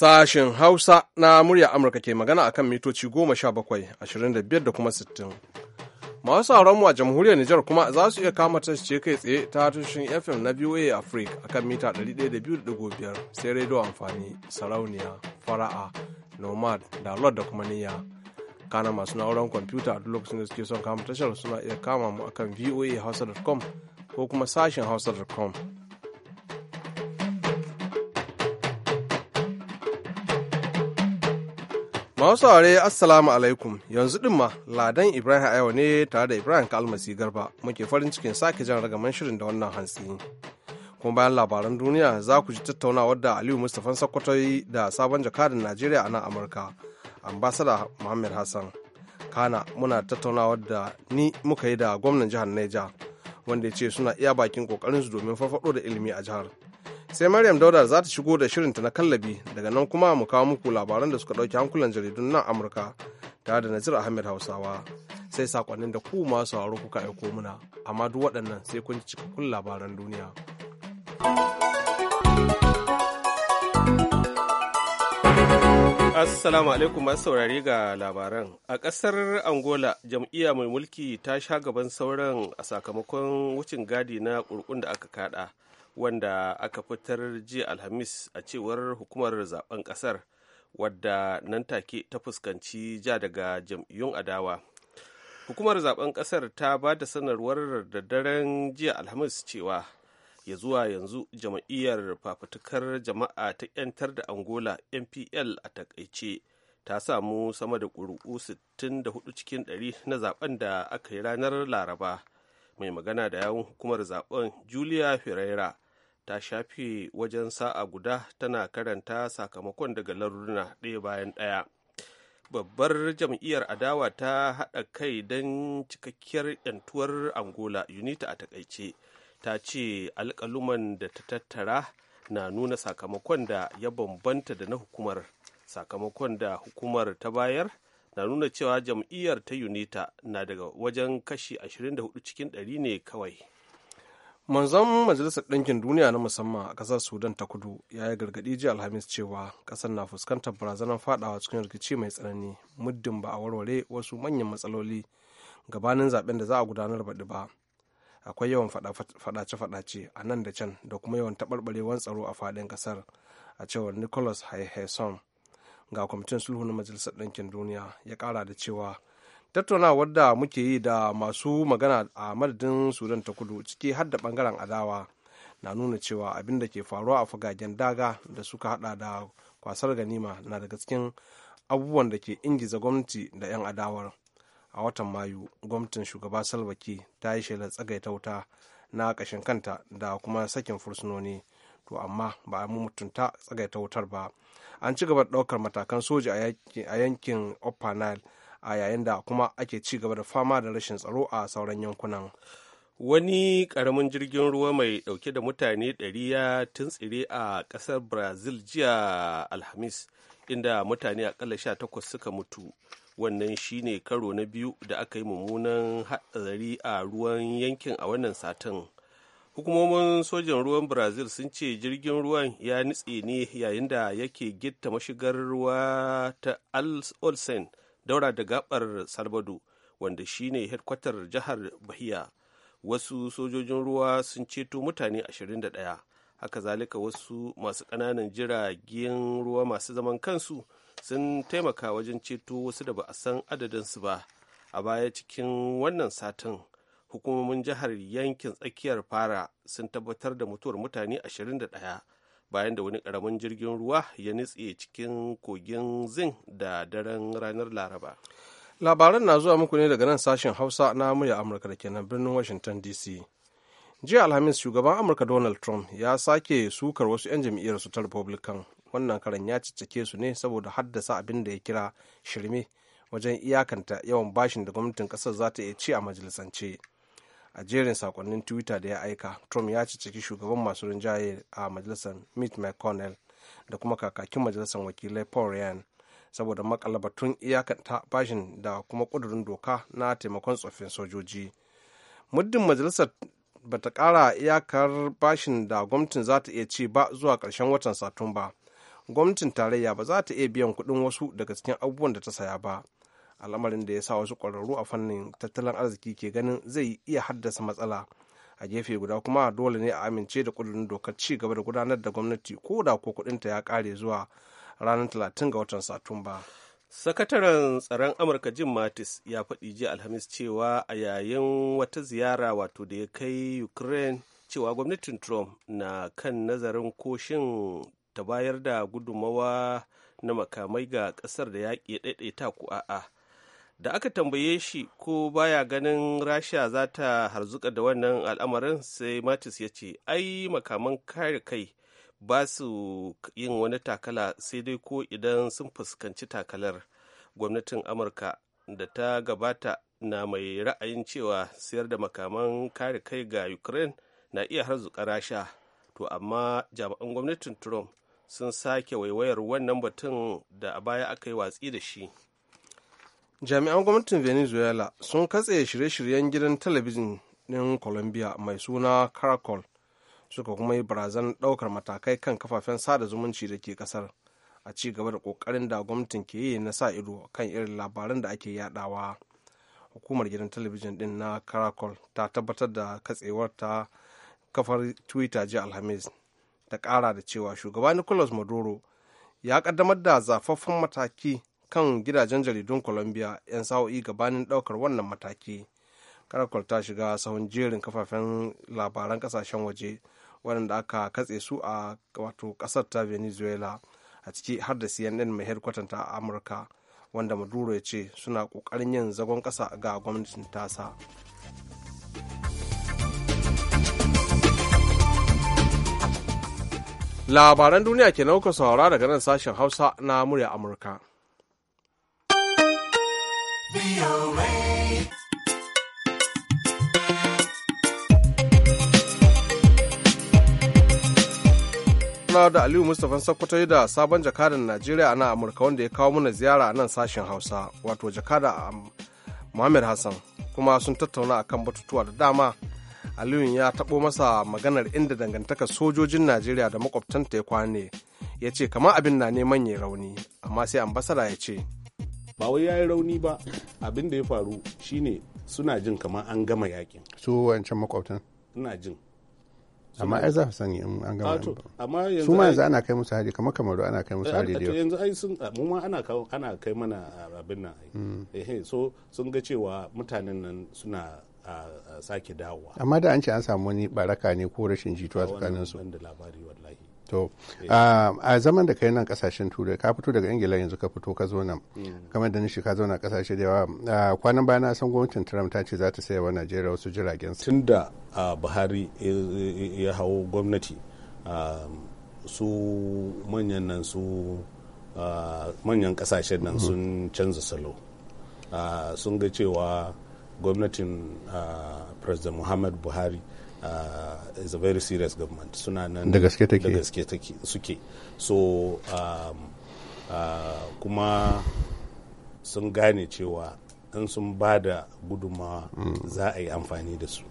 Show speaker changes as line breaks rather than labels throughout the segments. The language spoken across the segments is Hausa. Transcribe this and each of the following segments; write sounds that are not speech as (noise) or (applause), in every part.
Sashen Hausa na murya Amurka ke magana akan mitoci goma sha bakwai, ashirin da biyar da kuma sittin. Masu mu a jamhuriyar Nijar kuma za su iya kama ce kai tsaye ta tushen FM na VOA Africa akan mita ɗari ɗaya da 102.5 sai rediyo amfani, sarauniya, fara'a, nomad, da da kuma niyya. kana masu na'urar kwamfuta a duk lokacin da suke son kama tashar suna iya kama mu akan Hausa.com ko kuma sashen hausa.com Masu saurare Assalamu alaikum yanzu ɗin ma Ladan Ibrahim Ayawa ne tare da Ibrahim Kalmasi Garba muke farin cikin sake jan ragaman shirin da wannan hantsi. Kuma bayan labaran duniya za ku ji tattaunawar da Aliyu Mustapha sokoto da sabon jakadan Najeriya a nan Amurka, ambasada Muhammad Hassan. Kana muna tattaunawar da ni muka yi da gwamnan jihar Niger, wanda ya ce suna iya bakin kokarin su domin farfado da ilimi a jihar. sai maryam dauda za ta shigo da shirinta na kallabi daga nan kuma mu kawo muku labaran da suka ɗauki hankulan jaridun nan amurka tare da nazir ahmed hausawa sai sakonnin da ku masu sauraro kuka aiko muna amma duk waɗannan sai kun ji cikakkun labaran duniya
Assalamu alaikum masu saurari ga labaran. A ƙasar Angola, jam'iyya mai mulki ta sha gaban sauran a sakamakon wucin gadi na ƙurƙun da aka kaɗa. wanda aka fitar jiya alhamis a cewar hukumar zaben kasar wadda nan take ta fuskanci ja daga jam'iyyun adawa hukumar zaben kasar ta ba da sanarwar da daren jiya alhamis cewa ya zuwa yanzu jama'iyyar fafutukar jama'a ta 'yantar da angola npl a takaice ta samu sama da ƙuri'u 64 cikin 100 na zaben da aka yi ranar laraba mai magana da yawun hukumar zaben julia ferreira ta shafe wajen sa'a guda tana karanta sakamakon daga laruruna ɗaya bayan ɗaya babbar jam'iyyar adawa ta haɗa kai don cikakkiyar 'yantuwar angola unita a takaice ta ce alƙaluman da ta tattara na nuna sakamakon da ya bambanta da na hukumar sakamakon da hukumar ta bayar na nuna cewa jam'iyyar ta unita na daga wajen kashi 24 cikin 100 ne kawai
manzon majalisar ɗinkin duniya na musamman a ƙasar sudan ta kudu ya yi gargaɗi jiya alhamis cewa ƙasar na fuskantar barazanar fadawa cikin rikici mai tsanani muddin ba a warware wasu manyan matsaloli gabanin zaben da za a gudanar baɗi ba akwai yawan faɗace-faɗace a nan da can da kuma yawan taɓarɓarewar tsaro a faɗin ƙasar a cewar nicholas haiheson ga kwamitin sulhu na majalisar ɗinkin duniya ya ƙara da cewa tattaunawar da muke yi da masu magana a madadin sudan ta kudu ciki har da bangaren adawa na nuna cewa abin da ke faruwa a fagagen daga da suka hada da kwasar ganima na daga cikin abubuwan da ke ingiza gwamnati da 'yan adawar a watan mayu gwamnatin shugaba salwaki ta yi shelar tsagaita wuta na kashin kanta da kuma sakin fursunoni to amma ba a mutunta tsagaita wutar ba an ci gaba da ɗaukar matakan soja a yankin upper nile a yayin da kuma ake ci gaba da fama da rashin tsaro a sauran yankunan
wani karamin jirgin ruwa mai dauke da mutane 100 ya tuntsire a kasar brazil jiya alhamis inda mutane akalla takwas suka mutu wannan shine karo na biyu da aka yi mummunan hadari a ruwan yankin a wannan satin hukumomin sojan ruwan brazil sun ce jirgin ruwan ya nitse ne yayin da yake gitta mashigar ruwa ta olsen daura da gabar salbado wanda shine hedkwatar jihar bahiya wasu sojojin ruwa sun ceto mutane 21 haka zalika wasu masu ƙananan jiragen ruwa masu zaman kansu sun taimaka wajen ceto wasu da ba a san adadinsu ba a baya cikin wannan satin hukumomin jihar yankin tsakiyar fara sun tabbatar da mutuwar mutane 21 bayan da wani karamin jirgin ruwa ya nitse cikin kogin zin da daren ranar laraba
labaran na zuwa muku ne daga nan sashen hausa na murya amurka da kenan birnin washington dc jiya alhamis shugaban amurka donald trump ya sake sukar wasu 'yan jam'iyyarsu ta republican wannan karan ya ciccike su ne saboda haddasa abin da ya kira shirme wajen iyakanta yawan bashin da gwamnatin kasar za ta iya ci a majalisance a jerin sakonnin twitter da ya aika trump ya ciki shugaban masu rinjaye a majalisar mitt mcconnell da kuma kakakin majalisar wakilai paul ryan saboda makala batun iyakanta bashin da kuma kudurin doka na taimakon tsoffin sojoji muddin majalisar ba ta kara iyakar bashin da gwamnatin za ta iya ci ba zuwa karshen watan satumba gwamnatin tarayya ba za ta iya biyan kuɗin wasu daga cikin abubuwan da ta saya ba al'amarin da ya sa wasu ƙwararru a fannin tattalin arziki ke ganin zai iya haddasa matsala a gefe guda kuma dole ne a amince da kudin dokar ci gaba da gudanar da gwamnati ko da ko kudinta ya kare zuwa ranar talatin ga watan satumba
sakataren tsaron amurka jim mattis ya faɗi jiya alhamis cewa a yayin wata ziyara wato da ya kai ukraine cewa gwamnatin trump na kan nazarin koshin ta bayar da gudummawa na makamai ga ƙasar da yaƙi ɗaiɗaita ku a'a da aka tambaye shi ko baya ganin rasha za ta harzuka da wannan al'amarin sai matis ya ce ai makaman kare kai ba su yin wani takala sai dai ko idan sun fuskanci takalar gwamnatin amurka da ta gabata na mai ra'ayin cewa siyar da makaman kare kai ga ukraine na iya harzuka rasha to amma jami'an gwamnatin trump sun sake waiwayar wannan batun da a baya aka yi watsi da shi
jami'an gwamnatin venezuela sun katse shirye-shiryen gidan talabijin ɗin colombia mai suna caracol suka kuma yi barazan ɗaukar matakai kan kafafen sada zumunci da ke ƙasar a ci gaba da ƙoƙarin da gwamnatin ke yi na sa ido kan irin labaran da ake yadawa hukumar gidan talabijin ɗin na caracol ta tabbatar da katsewar ta kafar twitter jiya alhamis ta ƙara da cewa shugaba nicolas maduro ya ƙaddamar da zafaffen mataki kan gidajen jaridun colombia 'yan sa'o'i gabanin daukar wannan mataki karakol ta shiga sahun jerin kafafen labaran kasashen waje waɗanda aka katse su a wato ƙasar ta venezuela a ciki har da cnn mai headquarter a amurka wanda maduro ya ce suna ƙoƙarin yin zagon ƙasa ga gwamnatin tasa labaran duniya ke nauka saurara daga nan sashen hausa na murya amurka
tattaunawa
da Aliyu Mustapha Sokoto da sabon jakadan Najeriya a nan Amurka wanda ya kawo mana ziyara a nan sashen Hausa wato jakada Muhammad um, Hassan kuma sun tattauna kan batutuwa da dama. Aliyu ya taɓo masa maganar inda dangantaka sojojin Najeriya da makwabtanta ya kwane ya ce kama abin na neman ya rauni amma sai ambasada ya ce.
ba wai ya yi rauni ba abin da ya faru shine suna jin kamar an gama yakin
su wancan makwabtan
ina jin amma ai za su
sani in an gama ah,
amma yanzu su ma yanzu ana
kai musu hari kamar kamaru ana kai musu eh, hari eh, da yanzu
ai sun mu ma ana ana kai mana ah, abin nan hmm. eh, eh so sun ga cewa mutanen nan suna ah, sake dawowa
amma da an ce an samu wani baraka ne ko rashin jituwa tsakanin su
labari wallahi To, um,
a zaman da kai nan kasashen turai ka fito daga ingila yanzu ka fito ka zo nan kamar da nishi ka zo kasashe da yawa kwanan baya na san gwamnatin trump ta ce za ta saya wa najeriya wasu jiragen
tun da buhari ya hau gwamnati su manyan nan su manyan kasashen nan sun mm-hmm. canza salo sun ga cewa gwamnatin president muhammad buhari uh, is a very serious government suna nan da gaske take da gaske take suke so um, uh, kuma sun gane cewa in sun ba da gudummawa. Mm. za a yi amfani da su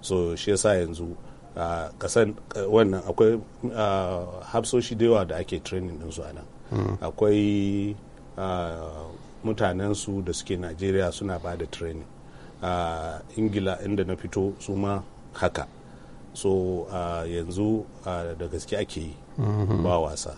so shi yasa yanzu uh, kasan uh, wannan akwai uh, hafsoshi da yawa da ake training din su anan mm. akwai uh, mutanen su da suke najeriya suna ba da training uh, ingila inda na fito su ma haka so uh, yanzu uh, da gaske ake yi mhm. ba wasa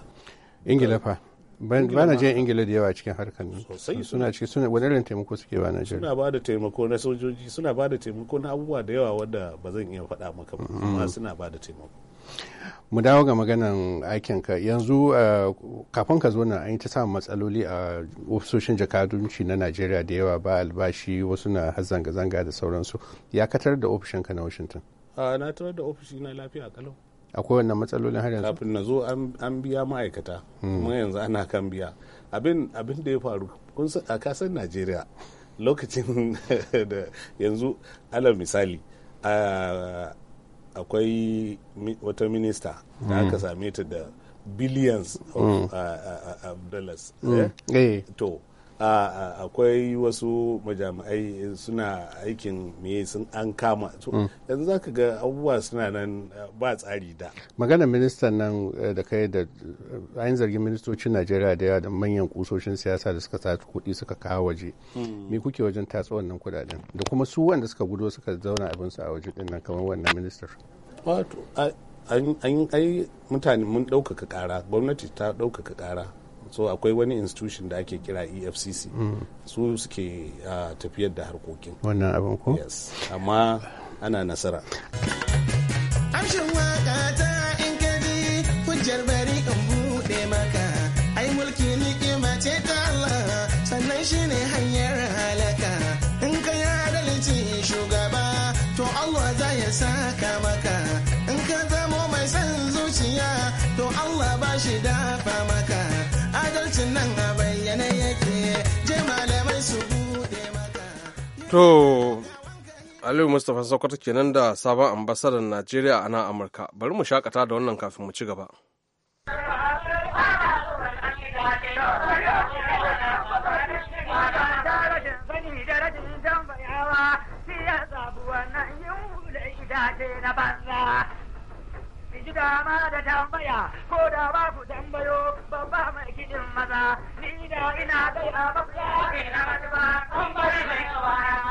ingila fa ba na jin ingila da yawa cikin harkar ne
suna cikin suna irin taimako suke ba najeriya suna
ba da taimako na sojoji suna ba da taimako na abubuwa da yawa wadda ba zan iya faɗa maka ba mhm. amma suna ba da taimako
mu dawo ga maganan aikinka yanzu eh, kafin ka zo nan an yi ta samun matsaloli a ofisoshin jakadunci na najeriya da yawa ba albashi wasu na zanga-zanga da sauransu ya katar da ofishinka na washington
ah, na tarar da ofishi na lafiya kalau
akwai wannan matsalolin har yanzu kafin
na zo an biya ma'aikata hmm. kuma yanzu ana kan biya abin da ya faru a kasar najeriya lokacin (laughs) da yanzu alal misali ah, akwai wata minista da aka mm. same ta da billions of mm. uh, uh, uh, dollars mm. eh? Eh. to akwai wasu majami'ai suna aikin me sun an kama mm. yanzu za ka ga abubuwa suna nan eh, ba tsari da
maganar ministan nan eh, da kai da eh, ayin zargin ministocin najeriya da yawa da manyan kusoshin siyasa da suka sata kuɗi suka kawo waje mm. me kuke wajen tatsa wannan kuɗaɗen da kuma su wanda suka gudo suka zauna
su a waje dinnan nan kamar wannan ministar wato an yi mutane mun ɗaukaka ƙara gwamnati ta ɗaukaka ƙara so akwai wani institution da ake kira efcc su suke ah, tafiyar da harkokin wannan abin ko amma ana nasara
Zancen nan a bayyana yake, je malamai su buɗe
maka. To, Aliyu Mustapha Sokoto kenan da sabon ambasadan Najeriya a nan Amurka. Bari mu shakata da wannan kafin mu ci gaba.
na banza. ji dama da tambaya ko da ba ku tambayo babba mai kidin maza ni da ina kai a ke na ba an mai kawana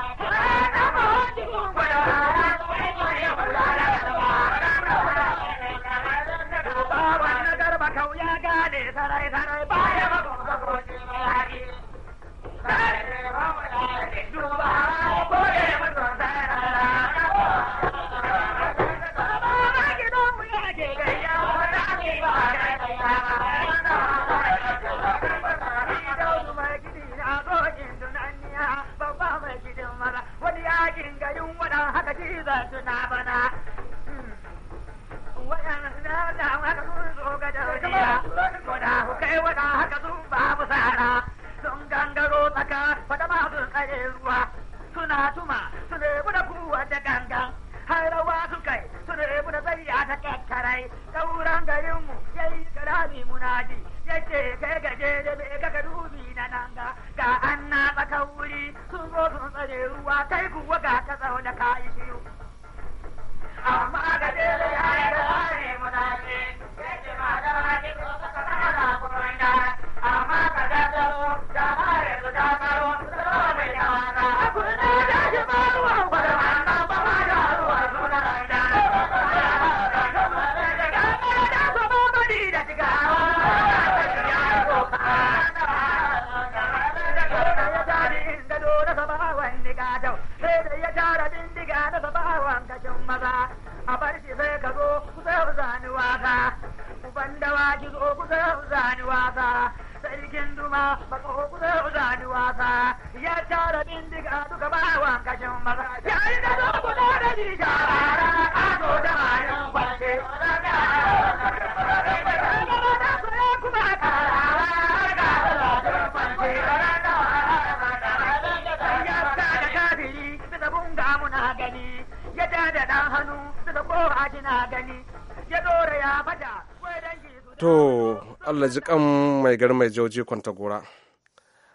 to that ما فقه بضيع دعني وافا يا جار من
Allah kan mai gar mai jauji kwantagora.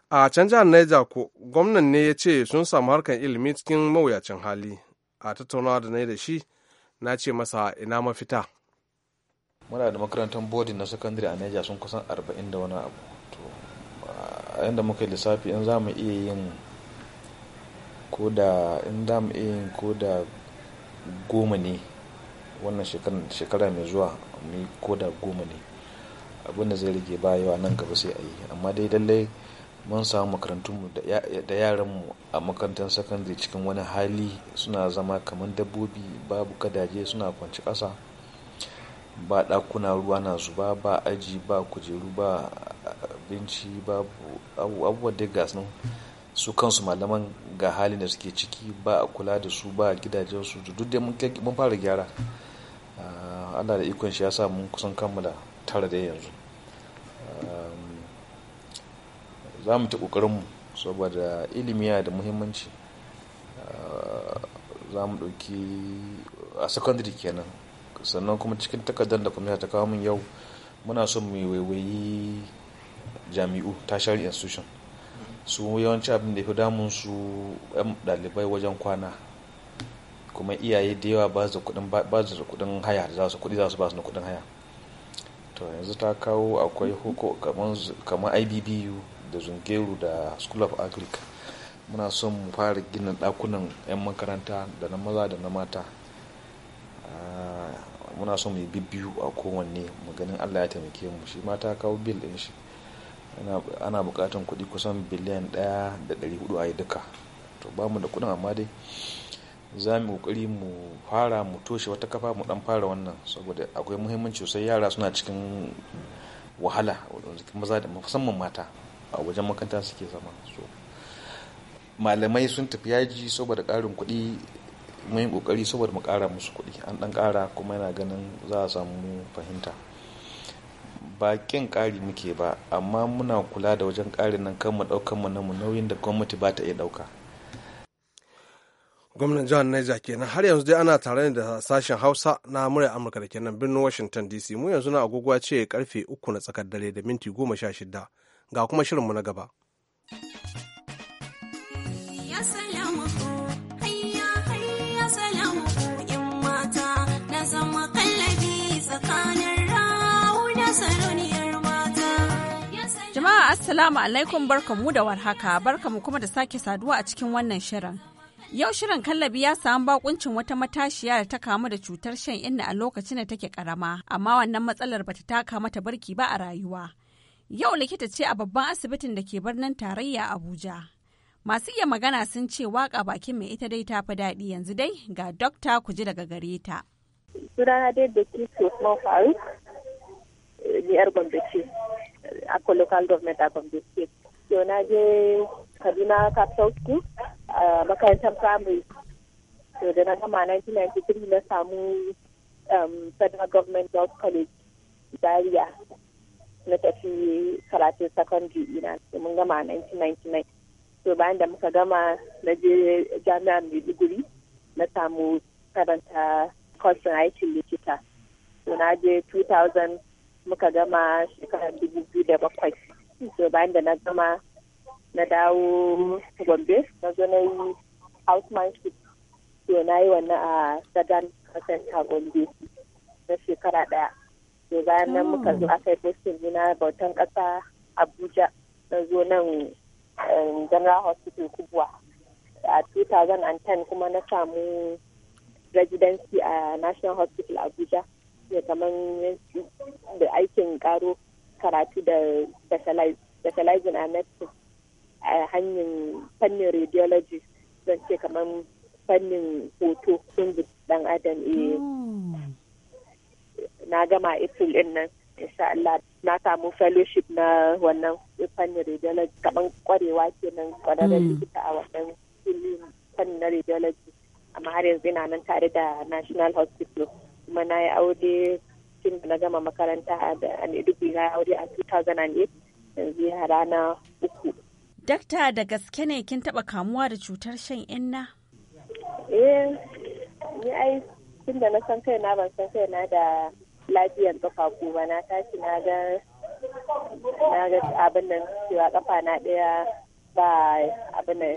A can jihar Niger ko gwamnan ne ya ce sun samu harkar ilimi cikin mawuyacin hali. A tattaunawa da na da shi na ce masa ina mafita. Muna da makarantar
bodin na sakandare a Niger sun kusan arba'in da wani abu. a yadda muka yi lissafi in za mu iya yin ko da in za mu iya yin ko da goma ne wannan shekara mai zuwa mu yi ko da goma ne abin da zai rage bayawa nan gaba sai a yi amma dai lallai mun samu makarantunmu da yaranmu a makarantar sakandare cikin wani hali suna zama kamar dabbobi babu kadaje suna kwanci kasa ba ɗakuna ruwa na zuba ba aji ba kujeru ba abinci ba abubuwa da gas nan su kansu malaman ga halin da suke ciki ba a kula da su ba su duk da mun fara gyara ah, allah da ikon shi ya sa mun kusan kammala tara da yanzu za mu ta ƙoƙarinmu saboda ilimi yana da muhimmanci ah, za mu ɗauki a secondary kenan sannan kuma cikin takardar da kwamfuta ta kawo min yau muna son mu waiwayi jami'u tertiary institution su yawanci abin da ya fi damun su 'yan ɗalibai wajen kwana kuma iyaye da yawa ba su da kudin haya za su kudi za su ba su da kudin haya to yanzu ta kawo akwai kamar ibbu da zungeru da school of agric muna son mu fara gina dakunan 'yan makaranta da na maza da na mata ah, muna son mu yi bibbiyu a kowanne mu ganin allah ya taimake mu shi mata kawo bil din shi ana bukatan kuɗi kusan biliyan ɗaya da ɗari hudu a yi duka to ba mu da kuɗin amma dai za mu kokari mu fara mu toshe wata kafa mu ɗan fara wannan saboda akwai muhimmanci sosai yara suna cikin wahala maza da musamman mata a wajen makanta suke zama so malamai sun tafi yaji saboda ƙarin kuɗi mun yi ƙoƙari saboda mu ƙara musu kuɗi an ɗan ƙara kuma yana ganin za a samu fahimta ba ƙin ƙari muke ba amma muna kula da wajen ƙarin nan kan mu ɗaukan mu namu nauyin da gwamnati ba ta iya ɗauka gwamnan jihar Niger kenan har
yanzu dai ana tare da sashen Hausa na murya Amurka da kenan birnin Washington DC mu yanzu na agogo ce karfe uku na tsakar dare da minti goma sha shida ga kuma shirinmu na gaba.
Jama'a Assalamu alaikum barkamu da warhaka barkamu kuma da sake saduwa a cikin wannan shirin. Yau shirin kallabi ya samu bakuncin wata matashiya da ta kamu da cutar shan inna a lokacin da take karama, amma wannan matsalar bata taka mata barki ba a rayuwa. Yau likita ce a babban asibitin da ke birnin tarayya Abuja. Masu iya magana sun ce waka bakin mai ita dai ta fi daɗi yanzu dai ga dokta ku ji daga gare ta.
Sunana dai da ke Usman Faruk, ni eh, yar Gombe ce, Akwa Local Government a Gombe State. Yau na je Kaduna Capital School a makarantar primary. To da na gama 1993 na samu um, Federal Government health College Zaria na tafi karatun secondary ina mun gama 1999 so bayan da muka gama na je jami'ar maiduguri na samu karanta kwasan aikin likita so na je 2000 muka gama shekarar 2007 so bayan da na gama na dawo gombe na zo na yi housemanship so na yi wannan a southern center gombe na shekara daya to bayan nan muka zo oh. aka yi posting na bautan kasa abuja na zo nan um, general hospital kubwa a 2010 kuma na samu residency a national hospital abuja ya kamar da aikin karo karatu da specializing a medicine a hanyar fannin radiology zan ce kamar fannin hoto sun dan adam eh.
oh.
na gama april din nan insha Allah na samu fellowship na wannan fannin radiology kaman kwarewa kenan kwararren mm. likita a wannan fannin na radiology amma har yanzu ina nan tare da national hospital kuma na yi aure tun da na gama makaranta a Maiduguri na aure a 2008 yanzu ya rana uku. Dakta
da gaske ne kin taba kamuwa da cutar shan inna?
Eh, ni ai tun da na san kai na ban san kai na da lafiyan kafafu ba na tashi na ga na ga abin nan cewa kafa na daya ba abin nan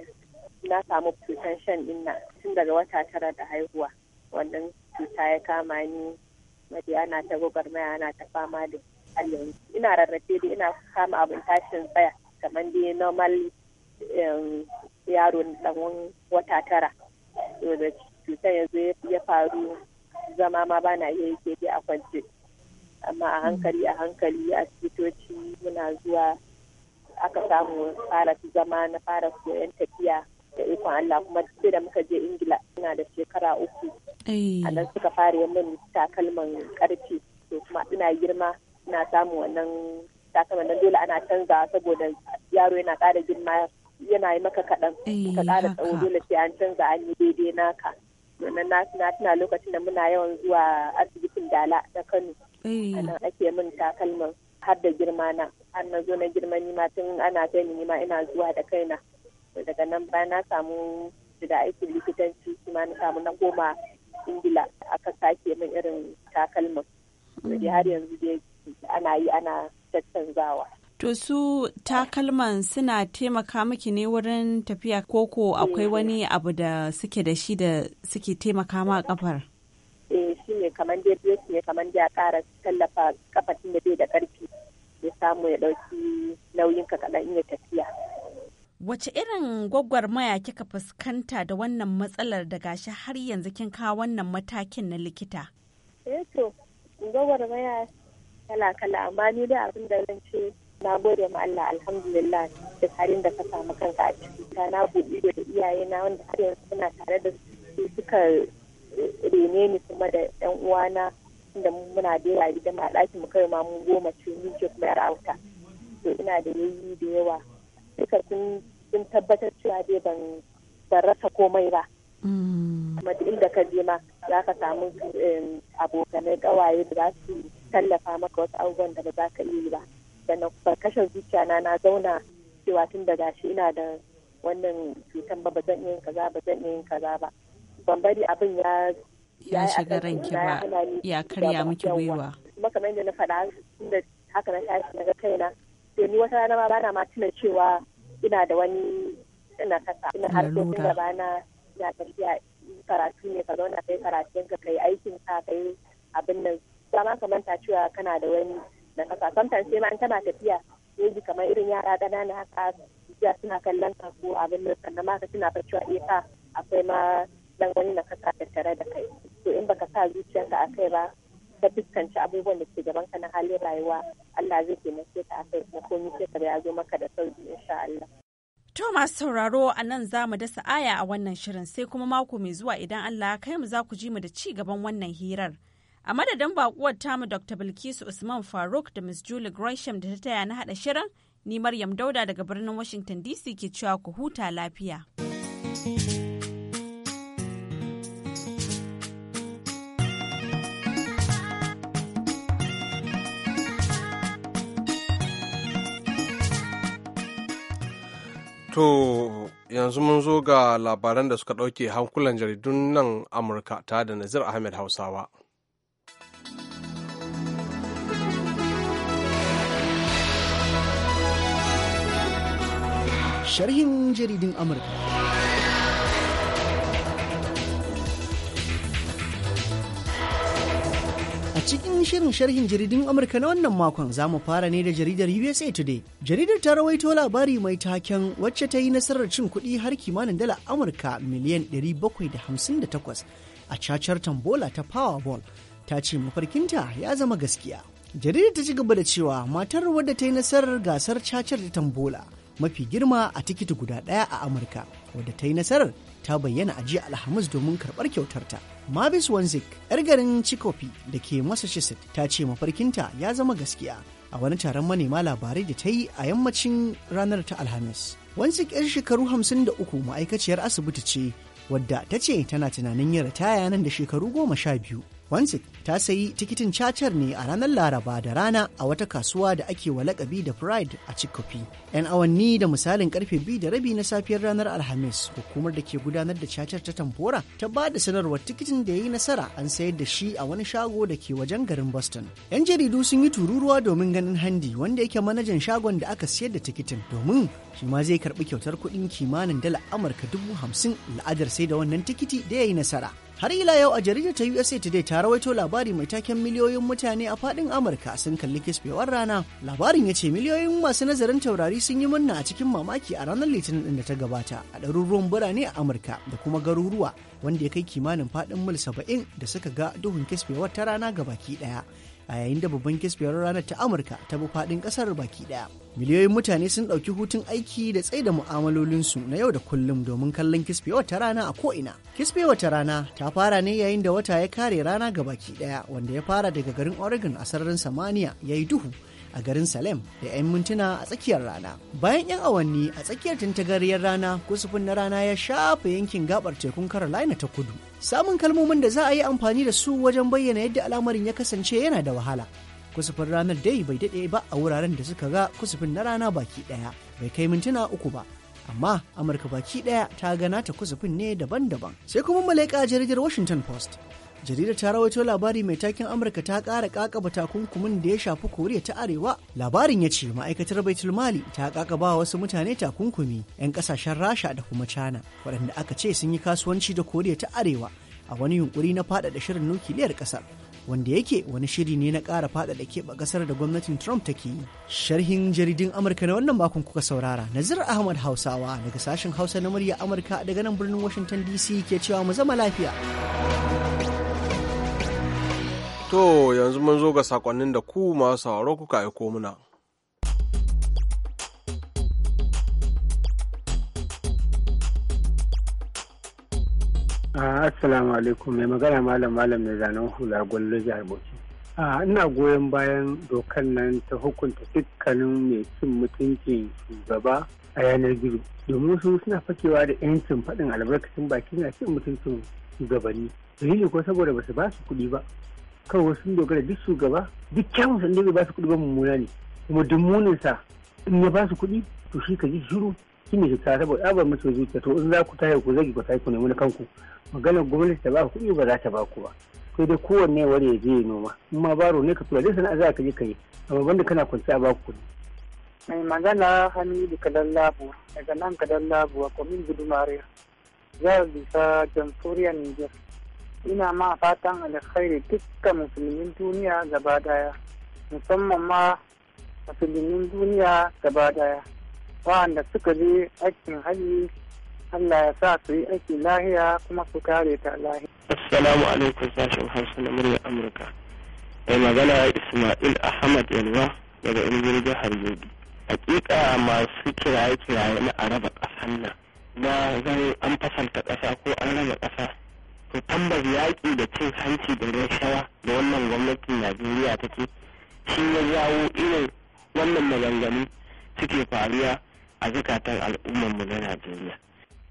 na samu cutan shan inna tun daga wata tara da haihuwa wannan cuta ya kama ni mace ana ta gwagwarmaya ana ta fama da ina rarrafe da ina kama abin tashin tsaya kamar dai normal um, yaro tsawon wata tara yau da cutar ya zo ya faru zama ma bana iya yake dai a kwance amma a hankali a hankali a asibitoci muna zuwa aka samu fara su zama na fara yan tafiya da ikon Allah kuma sai da muka je Ingila ina da shekara uku eh. a nan suka fara yin takalman karfe to kuma ina girma ina samu wannan takalman nan dole ana canza saboda yaro yana ƙara girma yana yi maka kaɗan eh, ka ƙara tsawo dole sai an canza an yi daidai naka domin na tuna lokacin da muna yawan zuwa asibitin dala na kano
eh.
anan
ake min takalman har da girma na har na zo na girma ni ma tun ana kai ni ma ina zuwa da kaina daga nan bayan na samu da aikin likitanci ma na samu na koma ingila aka sake min irin takalman. Har yanzu dai ana yi ana tattanzawa.
To su takalman suna taimaka miki ne wurin tafiya koko akwai wani abu da suke da shi da suke taimaka ma kafar?
Eh shi ne kamar dai break ne kamar a ƙara tallafa kafatin da bai da ƙarfi ya samu ya ɗauki nauyin ka kaɗan iya tafiya.
Wace irin maya kika fuskanta da wannan matsalar da gashi har yanzu kin kawo wannan matakin na likita?
Eh to gwagwarmaya kala-kala amma ni da abin da zan ce na gode ma Allah alhamdulillah da halin da ka samu kanka a ciki ta na buɗi da iyaye na wanda har yanzu suna tare da su suka rene ni kuma da ɗan uwana da muna da yawa gidan ma mu kai ma mu goma ce ni ke kuma yar auta to ina da yayi da yawa duka sun sun tabbatar cewa dai ban ban rasa komai ba mm. kuma inda ka je ma za ka samu eh, abokanai ƙawaye da za su tallafa maka wasu abubuwan da ba za ka yi ba da na kashe zuciya na na zauna cewa tun da gashi ina da wannan cutan ba ba zan iya yin kaza ba zan iya yin kaza ba ban bari abin ya ya shiga ranki ba
ya karya miki gwiwa
kuma kamar yadda na faɗa da haka na tashi daga kaina to ni wata rana ma bana ma tuna cewa ina da wani ina kasa ina harkokin da bana ya tafiya karatu ne ka zauna kai karatun ka kai aikin ka kai abin nan ba ma kamanta cewa kana da wani da kasa sometimes sai ma in tana tafiya yaji kamar irin yara ƙanana haka jiya suna kallon ka abin da sannan ma ka suna fa cewa eh akwai ma dan wani na kasa tare da kai to in baka sa zuciyarka a kai ba ka fuskanci abubuwan da ke gaban ka na halin rayuwa Allah zai taimake ka a kai kuma komai sai ka ya zo maka da sauki insha Allah To
masu sauraro a nan za mu dasa aya a wannan shirin sai kuma mako mai zuwa idan Allah ya kai mu za ku ji mu da ci gaban wannan hirar. A madadin bakuwar tamu Dr. Bilkisu Usman Faruk da Ms Julie Gresham da ta taya na haɗa shirin, ni Maryam Dauda daga birnin Washington DC ke cewa ku huta lafiya.
To yanzu mun zo ga labaran da suka ɗauke hankulan jaridun nan Amurka ta da Nazir Ahmed Hausawa.
sharhin jaridin Amurka. A cikin shirin sharhin jaridun Amurka na wannan makon za mu fara ne da jaridar USA Today. Jaridar ta rawaito labari mai taken wacce ta yi nasarar cin kuɗi har kimanin dala Amurka miliyan 758 a cacar tambola ta Powerball. Ta ce mafarkinta ya zama gaskiya. jaridar ta ci gaba da cewa matar wadda ta yi nasarar gasar cacar da tambola mafi girma a tikiti guda ɗaya a Amurka, wadda ta yi nasarar ta bayyana a jiya Alhamis domin karɓar kyautarta. Mavis Wanzik, 'yar garin Chikopi da ke Massachusetts, ta ce mafarkinta ya zama gaskiya a wani taron manema labarai da ta yi a yammacin ranar ta Alhamis. Wanzik 'yar shekaru hamsin da uku ma'aikaciyar asibiti ce, wadda ta ce tana tunanin yin ritaya nan da shekaru goma sha biyu. Wansik ta sayi tikitin cacar ne a ranar Laraba da rana a wata kasuwa da ake wa lakabi da Pride a Cikofi. 'Yan awanni da misalin karfe biyu da rabi na safiyar ranar Alhamis, hukumar da ke gudanar da cacar ta Tambora ta ba da sanarwar tikitin da ya yi nasara an sayar da shi a wani shago da ke wajen garin Boston. 'Yan jaridu sun yi tururuwa domin ganin Handi wanda yake manajan shagon da aka sayar da tikitin domin shi ma zai karbi kyautar kuɗin kimanin dala Amurka dubu hamsin la'adar sai da wannan tikiti da ya yi nasara. har ila yau a jaridar ta usa today ta rawaito labari mai taken miliyoyin mutane a fadin amurka sun kalli kisbewar rana labarin ya ce miliyoyin masu nazarin taurari sun yi murna a cikin mamaki a ranar litinin ɗin da ta gabata a ɗaruruwan birane a amurka da kuma garuruwa wanda ya kai kimanin fadin mil saba'in da suka ga duhun kisbewar ta rana gabaki ɗaya a yayin da babban kesbiyar ranar ta amurka ta bi faɗin ƙasar baki ɗaya miliyoyin mutane sun ɗauki hutun aiki da tsaida mu'amalolinsu na yau da kullum domin kallon kisfewar ta rana a ko'ina kisfewar ta rana ta fara ne yayin da wata ya kare rana ga baki ɗaya wanda ya fara daga garin oregon a sararin samaniya ya yi duhu a garin Salem da 'yan mintuna a tsakiyar rana. Bayan 'yan awanni a tsakiyar tantagariyar rana kusufin na rana ya shafe yankin gabar tekun Carolina ta kudu. Samun kalmomin da za a yi amfani da su wajen bayyana yadda al'amarin ya kasance yana da wahala. Kusufin ranar dai bai daɗe ba a wuraren da suka ga kusufin na rana baki ɗaya bai kai mintuna uku ba. amma amurka baki ɗaya ta gana ta kusufin ne daban-daban sai kuma malaika jaridar washington post jaridar ta rawaito labari mai takin amurka ta ƙara kakaba takunkumin da ya shafi koriya ta arewa labarin ya ce ma'aikatar baitul mali ta kakaba wasu mutane takunkumi 'yan kasashen rasha da kuma china waɗanda aka ce sun yi kasuwanci da koriya ta arewa a wani yunkuri na faɗaɗa shirin nukiliyar ƙasar wanda yake wani shiri ne na ƙara faɗaɗa keɓe ƙasar da gwamnatin trump take yi sharhin jaridin amurka na wannan makon kuka saurara nazir ahmad hausawa daga sashen hausa na murya amurka daga nan birnin washington dc ke cewa mu zama lafiya
To yanzu mun zo ga sakonnin da ku masu sauraro kuka aiko muna.
Ah, assalamu alaikum mai magana malam malam mai zanen hula gwallo jihar Bauchi. Ah, ina goyon bayan dokan nan ta hukunta dukkanin mai cin mutuncin shugaba a yanar gizo. Domin su suna fakewa da 'yancin faɗin albarkacin baki na cin mutuncin shugabanni. Dalili ko saboda ba su ba su kuɗi ba. kawai wasu sun dogara duk gaba duk kyawun san da ba su kuɗi ba mummuna ne kuma duk sa in ya ba su kuɗi to shi ka ji shiru shi ne ka saboda abar mace zuciya to in za ku tayar ku zagi ku tayi ku nemi na kanku maganar gwamnati ta ba ku kuɗi ba za ta ba ku ba kai dai kowanne wani ya je ya noma in ma baro ne ka tura dai sana'a za ka je ka yi amma
banda kana a ba ku ne.
mai magana hamidu kadan labu daga nan kadan labu a kwamin gudumariya jihar bisa jamhuriyar nijar. ina ma fatan alkhairi dukkan musulmin duniya gaba daya musamman ma musulmin duniya gaba daya wa'anda suka je aikin hajji Allah ya sa su yi aiki lahiya kuma su kare ta lahiya. Assalamu
alaikum sashen Hausa na murya Amurka. Mai magana Ismail Ahmad Yalwa
daga ingin jihar Yobe. Hakika masu kiraye-kiraye na araba ƙasar nan na zan an fasanta ƙasa ko an raba ƙasa to tabbas yaƙi da cin hanci da rashawa da wannan gwamnatin najeriya take shi ya jawo
irin wannan maganganu suke faruwa a zukatan mu na
najeriya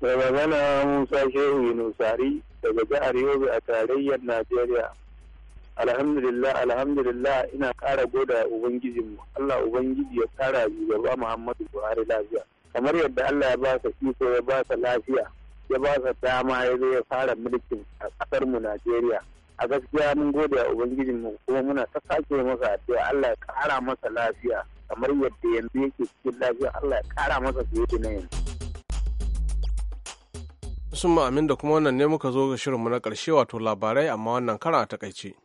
da magana musa shehu nusari daga jihar yobe a tarayyar najeriya alhamdulillah alhamdulillah ina ƙara goda ubangijinmu allah ubangiji ya kara tsara shugaba muhammadu buhari lafiya kamar yadda allah ya ba ka iko ya ba ka lafiya ya ba sa dama ya zo ya fara mulkin a kasar mu Najeriya a gaskiya mun gode a ubangijin mu kuma muna ta sake masa addu'a Allah ya kara masa lafiya kamar yadda yanzu yake cikin lafiya Allah ya kara masa fiye na yanzu
sun ma'amin da kuma wannan ne muka zo ga shirinmu na ƙarshe wato labarai amma wannan kara a takaice.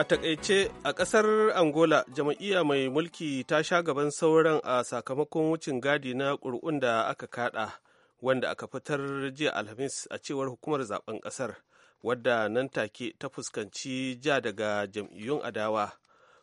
a takaice a ƙasar Angola jam'iyya mai mulki ta sha gaban sauran a sakamakon wucin gadi na ƙuri'un da aka kada wanda aka fitar jiya Alhamis a cewar hukumar zaben ƙasar wadda nan take ta fuskanci ja daga jam'iyyun adawa.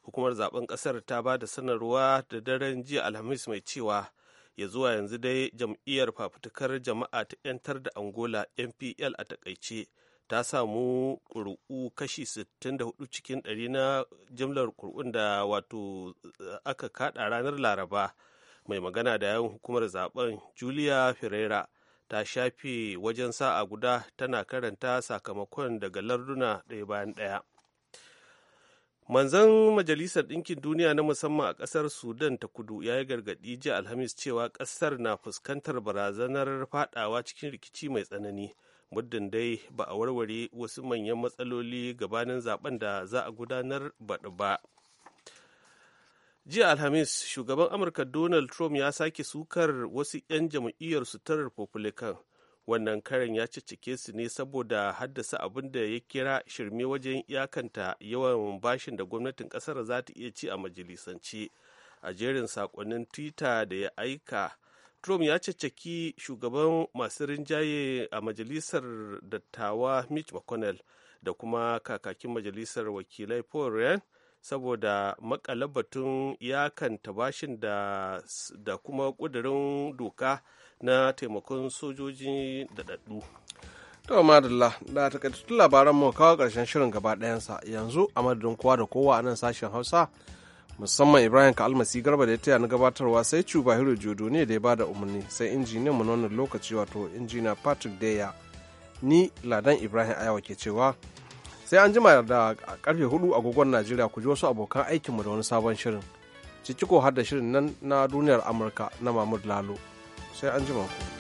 Hukumar zaben ƙasar ta ba da sanarwa da daren jiya Alhamis mai cewa ya zuwa yanzu dai jam'iyyar fafutukar jama'a ta 'yantar da Angola NPL a takaice. ta samu ƙuri'u kashi 64 cikin ɗari na jimlar ƙuri'un da wato eh, aka kaɗa ranar laraba mai magana da yawan hukumar zaben julia ferreira ta shafe wajen sa'a guda tana karanta sakamakon daga larduna ɗaya bayan ɗaya manzan majalisar ɗinkin duniya na musamman a ƙasar sudan ta kudu ya yi gargaɗi jiya alhamis cewa ƙasar na fuskantar barazanar faɗawa cikin rikici mai tsanani muddin dai ba a warware wasu manyan matsaloli gabanin zaben da za a gudanar baɗi ba jiya alhamis shugaban amurka donald trump ya sake sukar wasu 'yan jam'iyyar ta republican wannan karin ya cicike su ne saboda haddasa abin da ya kira shirme wajen iyakanta yawan bashin da gwamnatin kasar za ta iya ci a majalisance a jerin sakonnin twitter da ya aika Trump ya caccaki shugaban masu rinjaye a majalisar dattawa Mitch McConnell da kuma kakakin majalisar wakilai Paul Ryan saboda makalabatun batun iyakanta tabashin da, da kuma kudurin doka na taimakon sojoji da daɗu.
To madalla da takaitattun labaran mu kawo ƙarshen shirin gaba ɗayansa yanzu a madadin kowa da kowa a nan sashen Hausa musamman ibrahim ka almasi garba da ya taya na gabatarwa sai cuba hiro jodo ne da ya bada umarni sai injiniyan mu wannan lokaci wato injiniya patrick deya ni ladan ibrahim ayawa ke cewa sai an jima da karfe hudu agogon najeriya ku ji wasu abokan aikinmu da wani sabon shirin ciki ko har da shirin nan na duniyar amurka na mahmud lalo sai an jima ku